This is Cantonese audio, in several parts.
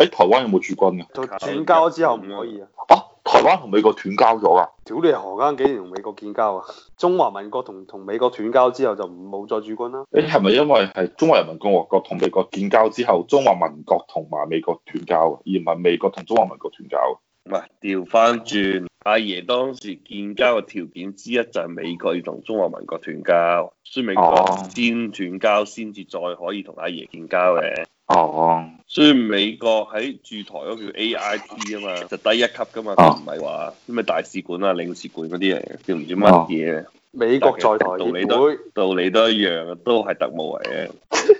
誒、哎，台灣有冇駐軍嘅、啊？斷交之後唔可以啊！啊，台灣同美國斷交咗噶。屌你何家幾年同美國建交啊？中華民國同同美國斷交之後就冇再駐軍啦。誒，係咪因為係中華人民共和國同美國建交之後，中華民國同埋美國斷交，而唔係美國同中華民國斷交？唔係調翻轉，阿爺當時建交嘅條件之一就係美國要同中華民國斷交，所以美國先斷交先至再可以同阿爺建交嘅。哦，oh. 所以美國喺駐台嗰叫 A I T 啊嘛，就低一級噶嘛，唔係話咩大使館啊、領事館嗰啲嚟嘅，叫唔知乜嘢。美國在台協會都道理都一樣，都係特務嚟嘅。Oh.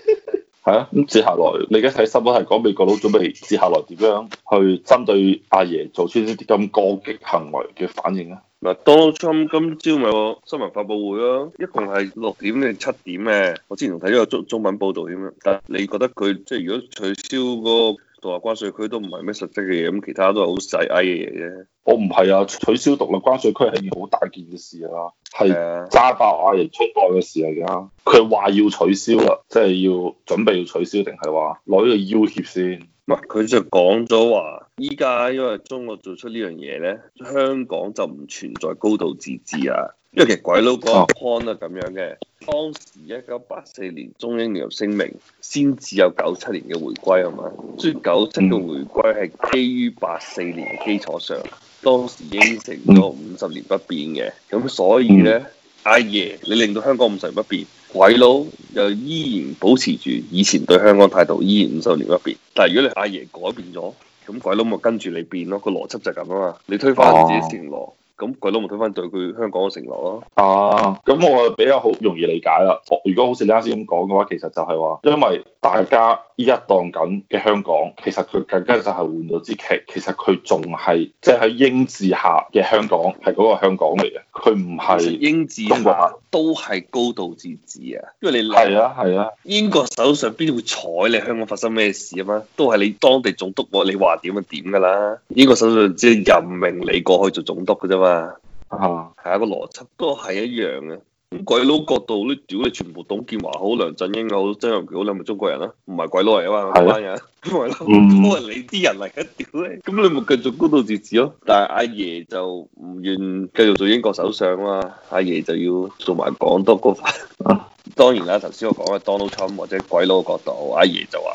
係啊，咁接下來你而家睇新聞係講美國佬準備接下來點樣去針對阿爺做出呢啲咁過激行為嘅反應啊？嗱 Donald Trump 今朝咪個新聞發佈會咯，一共係六點定七點嘅。我之前仲睇咗個中中文報道添啦，但係你覺得佢即係如果取消嗰個？獨立關稅區都唔係咩實質嘅嘢，咁其他都係好細埃嘅嘢啫。我唔係啊，取消獨立關稅區係件好大件事啊。係揸爆我人出外嘅事嚟、啊、噶。佢話要取消啦，即、就、係、是、要準備要取消，定係話攞呢個要挾先？佢就講咗話，依家因為中國做出呢樣嘢呢，香港就唔存在高度自治啦。因為其實鬼佬講 con 啊咁樣嘅，oh. 當時一九八四年中英聯合聲明先至有九七年嘅回歸吖嘛，所以九七嘅回歸係基於八四年嘅基礎上，當時應承咗五十年不變嘅，咁所以呢，阿、哎、爺你令到香港五十年不變。鬼佬又依然保持住以前對香港態度，依然五十年一變。但係如果你阿爺改變咗，咁鬼佬咪跟住你變咯。個邏輯就係咁啊嘛。你推翻自己承諾，咁、啊、鬼佬咪推翻對佢香港嘅承諾咯。啊，咁我比較好容易理解啦。如果好似你啱先咁講嘅話，其實就係話，因為大家。一當緊嘅香港，其實佢更加就係換咗支劇。其實佢仲係即係喺英治下嘅香港，係嗰個香港嚟嘅。佢唔係英治下都係高度自治啊，因為你係啊係啊，英國手上邊會睬你香港發生咩事啊嘛？都係你當地總督喎，你話點就點噶啦。英國手上只係任命你過去做總督嘅啫嘛，係一個邏輯都係一樣嘅。咁鬼佬角度咧，屌你全部董建華好、梁振英好、曾蔭權好，你咪中國人啊？唔係鬼佬嚟啊嘛，的班人、啊，唔係鬼佬，係 你啲人嚟嘅、啊，屌你！咁你咪繼續高度自治咯、啊。但係阿爺就唔願繼續做英國首相啊嘛，阿爺就要做埋港督嗰份。啊、 當然啦、啊，頭先我講嘅 Donald Trump 或者鬼佬角度，阿爺就話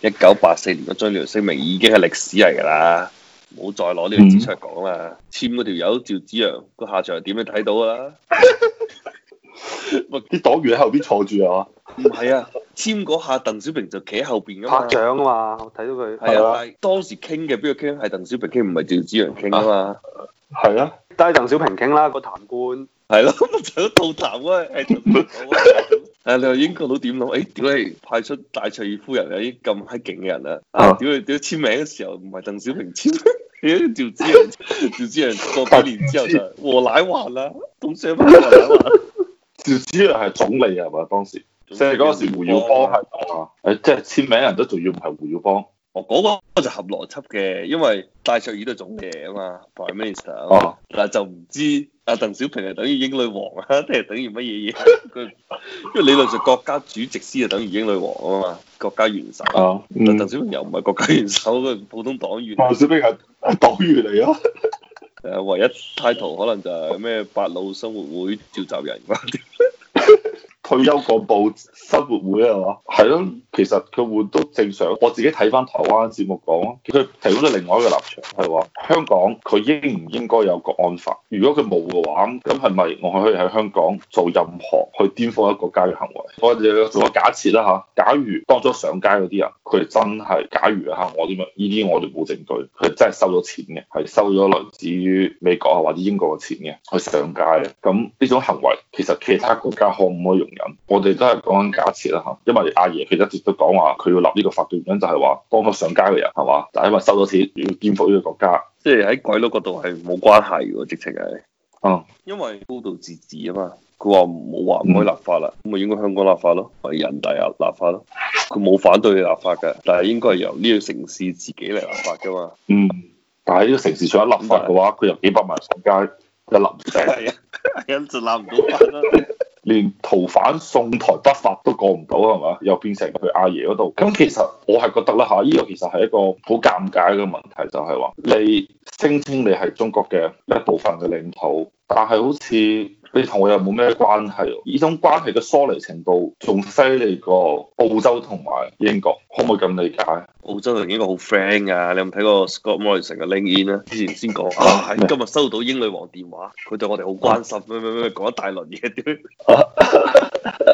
一九八四年嗰張條聲明已經係歷史嚟噶啦，冇再攞呢個資料講啦。簽嗰條友，趙紫陽個下場係點樣你睇到啊？ 喂，啲黨員喺後邊坐住啊？唔係啊，簽嗰下鄧小平就企喺後邊咁嘛，拍掌啊嘛，我睇到佢係啊，當時傾嘅邊個傾？係鄧小平傾，唔係趙紫陽傾啊嘛，係啊，但係鄧小平傾啦，個譚冠係咯，到頭啊！誒，你話英國佬點諗？誒，屌你，派出戴卓爾夫人啊，啲咁閪勁嘅人啊，屌你，屌簽名嘅時候唔係鄧小平簽，屌趙紫陽，趙紫陽過百年之後就和奶話啦，都相反。主要係總理係咪當時？即係嗰時胡耀邦係嘛？誒，啊、即係簽名人都仲要唔係胡耀邦？哦，嗰、嗰個就合邏輯嘅，因為戴卓爾都係總理啊嘛，Prime Minister。哦，嗱就唔知阿鄧小平係等於英女王啊，定係等於乜嘢嘢？佢 因為理論上國家主席先係等於英女王啊嘛，國家元首。哦，鄧、嗯、小平又唔係國家元首，佢普通黨員。鄧小平係黨員嚟啊？誒、嗯，唯一 title 可能就係咩八路生活會召集人啲。 退休幹部生活會啊，係嘛？係咯。其實佢會都正常，我自己睇翻台灣嘅節目講，佢提供咗另外一個立場係話香港佢應唔應該有國安法？如果佢冇嘅話，咁咁係咪我可以喺香港做任何去顛覆一個國家嘅行為？我哋做個假設啦嚇，假如當咗上街嗰啲人，佢哋真係，假如嚇我點樣？呢啲我哋冇證據，佢真係收咗錢嘅，係收咗來自於美國啊或者英國嘅錢嘅去上街嘅，咁呢種行為其實其他國家可唔可以容忍？我哋都係講緊假設啦嚇，因為阿爺佢都都講話佢要立呢個法律原因就係、是、話當個上街嘅人係嘛？但係因為收咗錢要肩負呢個國家，即係喺鬼佬角度係冇關係嘅，直情係啊，嗯、因為高度自治啊嘛。佢話唔好話唔可以立法啦，咁咪、嗯、應該香港立法咯，係人大啊立法咯。佢冇反對立法嘅，但係應該係由呢個城市自己嚟立法噶嘛。嗯，但係呢個城市想立法嘅話，佢由是幾百萬上街，一立法就立唔到，係啊，樣子唔到啊。連逃犯送台北法都過唔到係嘛？又變成佢阿爺嗰度。咁其實我係覺得啦嚇，呢、啊這個其實係一個好尷尬嘅問題，就係、是、話你聲稱你係中國嘅一部分嘅領土，但係好似。你同我又冇咩關係，呢種關係嘅疏離程度仲犀利過澳洲同埋英國，可唔可以咁理解？澳洲同英國好 friend 㗎、啊，你有冇睇過 Scott Morrison 嘅 LinkedIn 啊？之前先講、啊哎，今日收到英女王電話，佢對我哋好關心，咩咩咩講一大輪嘢，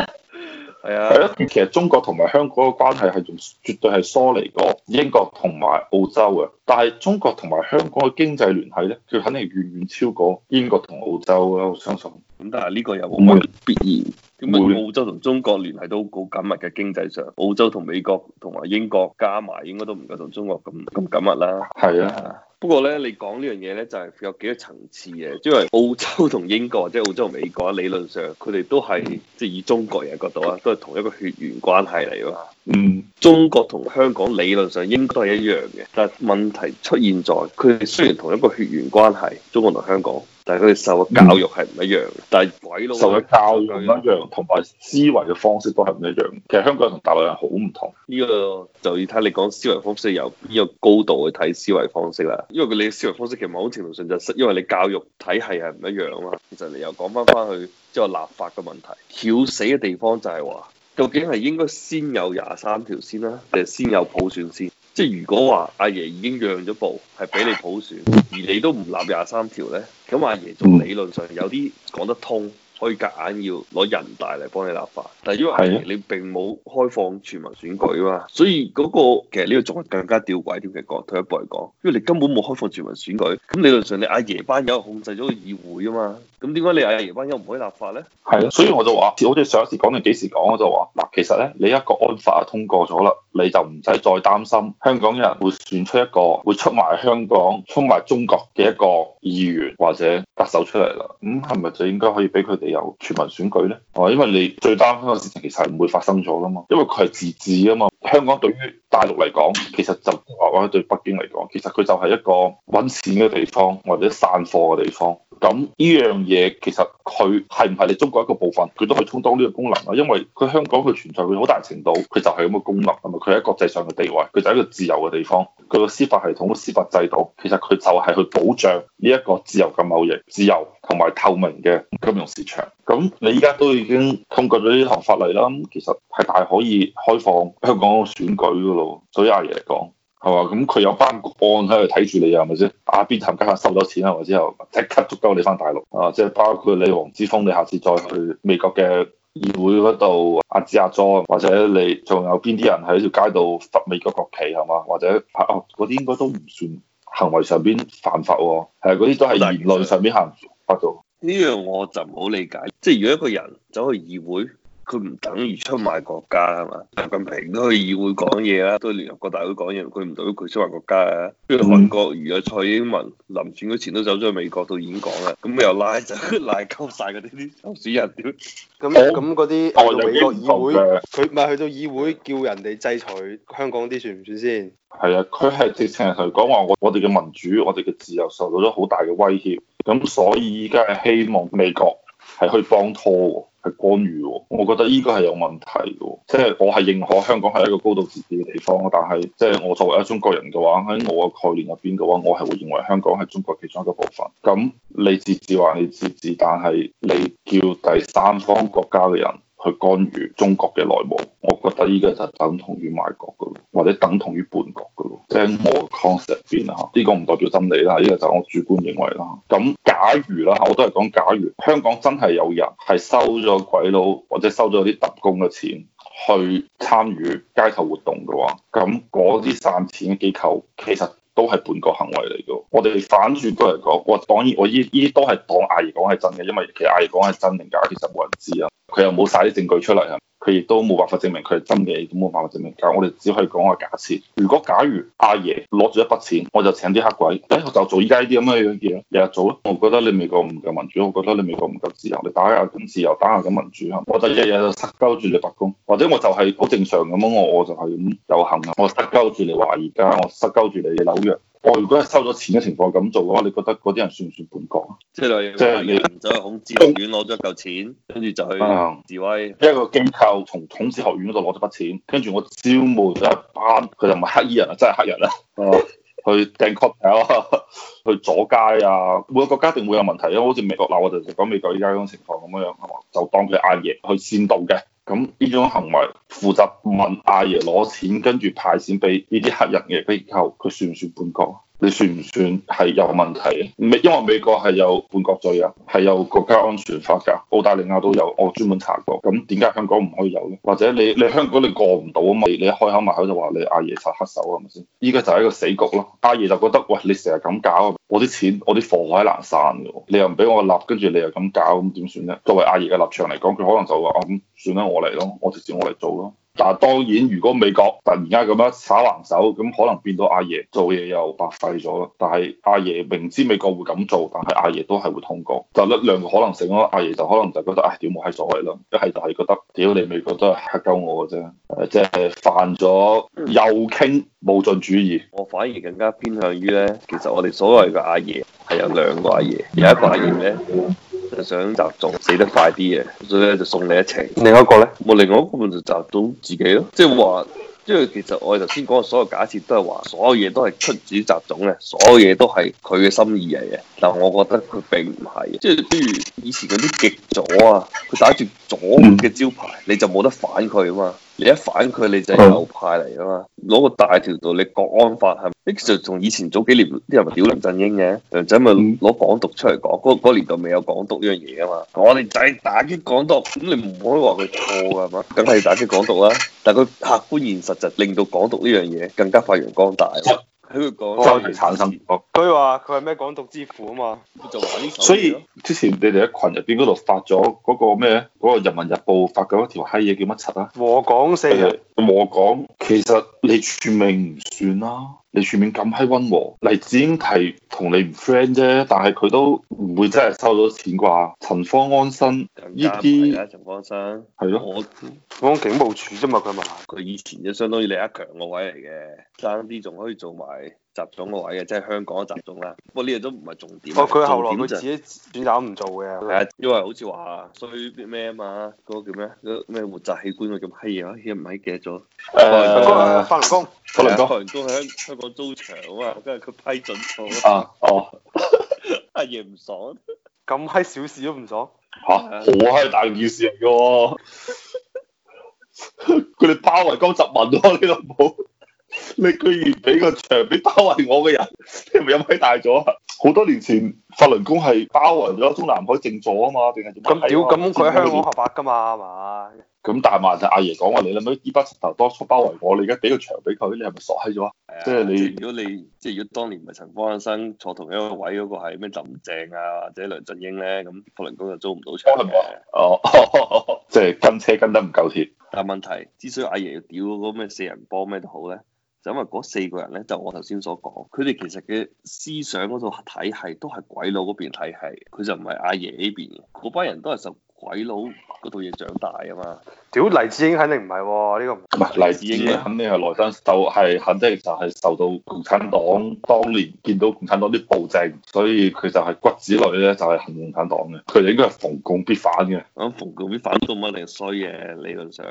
係啊，係咯，其實中國同埋香港嘅關係係仲絕對係疏離過英國同埋澳洲嘅，但係中國同埋香港嘅經濟聯繫咧，佢肯定係遠遠超過英國同澳洲啦，我相信。咁但係呢個有冇乜必要？會澳洲同中國聯繫都好緊密嘅經濟上，澳洲同美國同埋英國加埋，應該都唔夠同中國咁咁緊密啦。係啊的，不過咧，你講呢樣嘢咧，就係有幾多層次嘅，因為澳洲同英國或者澳洲同美國理論上，佢哋都係即係以中國人嘅角度啦，都係同一個血緣關係嚟㗎嘛。嗯，中國同香港理論上應該係一樣嘅，但係問題出現在佢哋雖然同一個血緣關係，中國同香港。但係佢哋受嘅教育係唔一樣，但係鬼佬受嘅教育唔一樣，同埋思維嘅方式都係唔一樣。其實香港人同大陸人好唔同呢個，就要睇你講思維方式由邊個高度去睇思維方式啦。因為佢你嘅思維方式其實某程度上就係因為你教育體系係唔一樣啊嘛。其實你又講翻翻去即係立法嘅問題，翹死嘅地方就係話，究竟係應該先有廿三條先啦，定係先有普選先？即係如果話阿爺已經讓咗步，係俾你普選，而你都唔立廿三條咧？咁阿、啊、爺從理論上有啲講得通。可以夾硬要攞人大嚟幫你立法，但係因為你並冇開放全民選舉啊嘛，的所以嗰、那個其實呢個仲更加吊詭啲嘅講，退一步嚟講，因為你根本冇開放全民選舉，咁理論上你阿爺班友控制咗個議會啊嘛，咁點解你阿爺班友唔可以立法咧？係啊，所以我就話，好似上一次講定幾時講，我就話嗱，其實咧，你一個安法通過咗啦，你就唔使再擔心香港人會選出一個會出賣香港、出賣中國嘅一個議員或者。特首出嚟啦，咁係咪就應該可以俾佢哋有全民選舉呢？哦、啊，因為你最擔心嘅事情其實係唔會發生咗噶嘛，因為佢係自治啊嘛。香港對於大陸嚟講，其實就或者對北京嚟講，其實佢就係一個揾錢嘅地方或者散貨嘅地方。咁呢樣嘢其實佢係唔係你中國一個部分，佢都可以充當呢個功能咯。因為佢香港佢存在，佢好大程度佢就係咁嘅功能啊嘛。佢喺國際上嘅地位，佢就係一個自由嘅地方。佢個司法系統、司法制度，其實佢就係去保障呢一個自由嘅貿易、自由同埋透明嘅金融市場。咁你依家都已經通過咗呢項法例啦，咁其實係大可以開放香港嘅選舉噶咯。所以阿爺嚟講。係嘛？咁佢有班國安喺度睇住你是是啊，係咪先？阿邊冚家下收咗錢啦，之後即刻捉鳩你返大陸啊！即係包括你黃之鋒，你下次再去美國嘅議會嗰度，阿支阿左，或者你仲有邊啲人喺條街度摯美國國旗係嘛？或者嚇嗰啲應該都唔算行為上面犯法喎，係嗰啲都係言論上面行發到。呢樣的我就唔好理解，即係如果一個人走去議會。佢唔等於出賣國家吖嘛？習近平都去議會講嘢啦，都聯合國大會講嘢，佢唔等於佢出賣國家啊。跟住韓國如果蔡英文臨選嘅前都走咗去美國度演講啦，咁又拉就拉鳩晒嗰啲啲老鼠人咁咁嗰啲外國議會，佢唔係去到議會叫人哋制裁香港啲算唔算先？係啊，佢係直情係講話我哋嘅的民主、我哋嘅自由受到咗好大嘅威脅，咁所以依家係希望美國係去幫拖喎。係干預喎，我覺得呢個係有問題嘅，即、就、係、是、我係認可香港係一個高度自治嘅地方，但係即係我作為一中國人嘅話，喺我嘅概念入邊嘅話，我係會認為香港係中國其中一個部分。咁你自治話你自治，但係你叫第三方國家嘅人，去干預中國嘅內幕，我覺得呢個就等同於賣國噶，或者等同於叛國噶咯，即係我 concept 入邊，呢個唔代表真理啦，依、呢個就我主觀認為啦。咁假如啦，我都係講假如香港真係有人係收咗鬼佬或者收咗啲特工嘅錢去參與街頭活動嘅話，咁嗰啲散錢嘅機構其實。都係本國行為嚟嘅，我哋反轉過嚟講，當然我然，我呢啲都係當阿姨講係真嘅，因為其實阿姨講係真定假，其實冇人知啊，佢又冇曬啲證據出嚟亦都冇辦法證明佢係真嘅，亦都冇辦法證明。但我哋只可以講下假設。如果假如阿爺攞住一筆錢，我就請啲黑鬼，哎，我就做依家呢啲咁嘅樣嘢咯，日日做咯。我覺得你美國唔夠民主，我覺得你美國唔夠自由，你打下咁自由，打下咁民主，我就日日就塞鳩住你白宮，或者我就係好正常咁樣，我我就係咁遊行，我塞鳩住你華爾街，我塞鳩住你紐約。我、哦、如果係收咗錢嘅情況咁做嘅話，你覺得嗰啲人算唔算本國啊？即係你係走去孔子學院攞咗嚿錢，跟住就去示威。一個機構從孔子學院嗰度攞咗筆錢，跟住我招募咗一班，佢就唔係黑衣人啊，真係黑人啊， 去掟口罩， 去阻街啊，每個國家一定會有問題，因為好似美國嗱，我哋講美國依家呢種情況咁樣樣係嘛，就當佢阿爺去煽動嘅。咁呢種行為，負責問阿爺攞錢，跟住派錢俾呢啲客人嘅機構，佢算唔算半角？你算唔算係有問題？美因為美國係有叛國罪啊，係有國家安全法㗎。澳大利亞都有，我專門查過。咁點解香港唔可以有呢？或者你你香港你過唔到啊嘛？你你一開口埋口就話你阿爺殺黑手係咪先？依家就係一個死局咯。阿爺，爺就覺得喂，你成日咁搞，我啲錢我啲貨海難散㗎。你又唔俾我立，跟住你又咁搞，咁點算呢？作為阿爺嘅立場嚟講，佢可能就話啊，咁算啦，我嚟咯，我直接我嚟做咯。但係當然，如果美國突然間咁樣耍橫手，咁可能變到阿爺做嘢又白費咗。但係阿爺明知美國會咁做，但係阿爺都係會通過。就兩兩個可能性咯。阿爺就可能就覺得啊，屌冇閪所謂咯。一係就係覺得，屌你美國都係嚇鳩我嘅啫，即係犯咗右傾冇盡主義。我反而更加偏向於咧，其實我哋所謂嘅阿爺係有兩個阿爺，有一個阿爺咧。想集種死得快啲嘅，所以咧就送你一程。另外一個咧，冇，另外一個咪就集到自己咯。即係話，即係其實我哋頭先講嘅所有假設都係話，所有嘢都係出自集種嘅，所有嘢都係佢嘅心意嚟嘅。但係我覺得佢並唔係，即係比如以前嗰啲極左啊，佢打住左嘅招牌，你就冇得反佢啊嘛。你一反佢，你就係右派嚟㗎嘛！攞個大條道，你國安法係，其實同以前早幾年啲人咪屌梁振英嘅，梁仔咪攞港獨出嚟講，嗰年代未有港獨呢樣嘢啊嘛，我哋就打擊港獨，咁你唔可以話佢錯㗎係嘛？梗係打擊港獨啦，但係佢客觀現實就令到港獨呢樣嘢更加發揚光大。喺佢講，週期產生咁，所以話佢係咩港獨之父啊嘛，佢就話呢，所以之前你哋喺群入邊嗰度發咗嗰個咩？嗰個《人民日報》發嗰一條閪嘢叫乜柒啊？和港四啊。同我講，其實你全名唔算啦，你全名咁閪温和。黎智英係同你唔 friend 啫，但係佢都唔會真係收到錢啩。陳方安生，依啲、啊、些陳方安生係咯，當的我警務處啫嘛，佢咪佢以前就相當於李家強個位嚟嘅，爭啲仲可以做埋。習總個位嘅，即、就、係、是、香港都習總啦。不過呢啲都唔係重點。佢後來佢自己轉走唔做嘅。係啊，因為好似話所以咩啊嘛，嗰、那個叫咩？咩、那個、活摘器官嗰種閪嘢，阿爺唔係 g 咗。誒、啊，法輪功，哎、法輪功，啊、法輪功喺香港租場啊嘛，跟住佢批准咗。準啊，哦，阿爺唔爽，咁閪小事都唔爽，吓、 啊，好閪大件事嚟噶，佢 哋包圍江澤民咯，你都冇。 你居然俾個牆俾包圍我嘅人，係咪有位大咗？好多年前，法輪功係包圍咗中南海靜坐啊嘛，定係咁係咁佢喺香港合法噶嘛，係咪？咁大係就阿阿爺講話，你諗唔諗依筆石頭多出包圍我？你而家俾個牆俾佢，你係咪傻閪咗？即係、哎、呀你，如果你即係如果當年唔係陳方安生坐同一個位嗰個係咩林鄭啊或者梁振英咧，咁法輪功就租唔到場係咪？哦，即係、就是、跟車跟得唔夠貼。但係問題之所以阿爺要屌嗰個咩四人幫咩都好咧。就因為嗰四個人咧，就我頭先所講，佢哋其實嘅思想嗰套體系都係鬼佬嗰邊體系，佢就唔係阿爺呢邊嗰班人都係受鬼佬嗰套嘢長大啊嘛。屌黎智英肯定唔係喎，呢、呢個唔係黎智英肯定係內山就係、係、肯定就係受到共產黨當年見到共產黨啲暴政，所以佢就係骨子裏咧就係恨共產黨嘅。佢哋應該係逢共必反嘅。咁逢共必反都冇一定衰嘅理論上。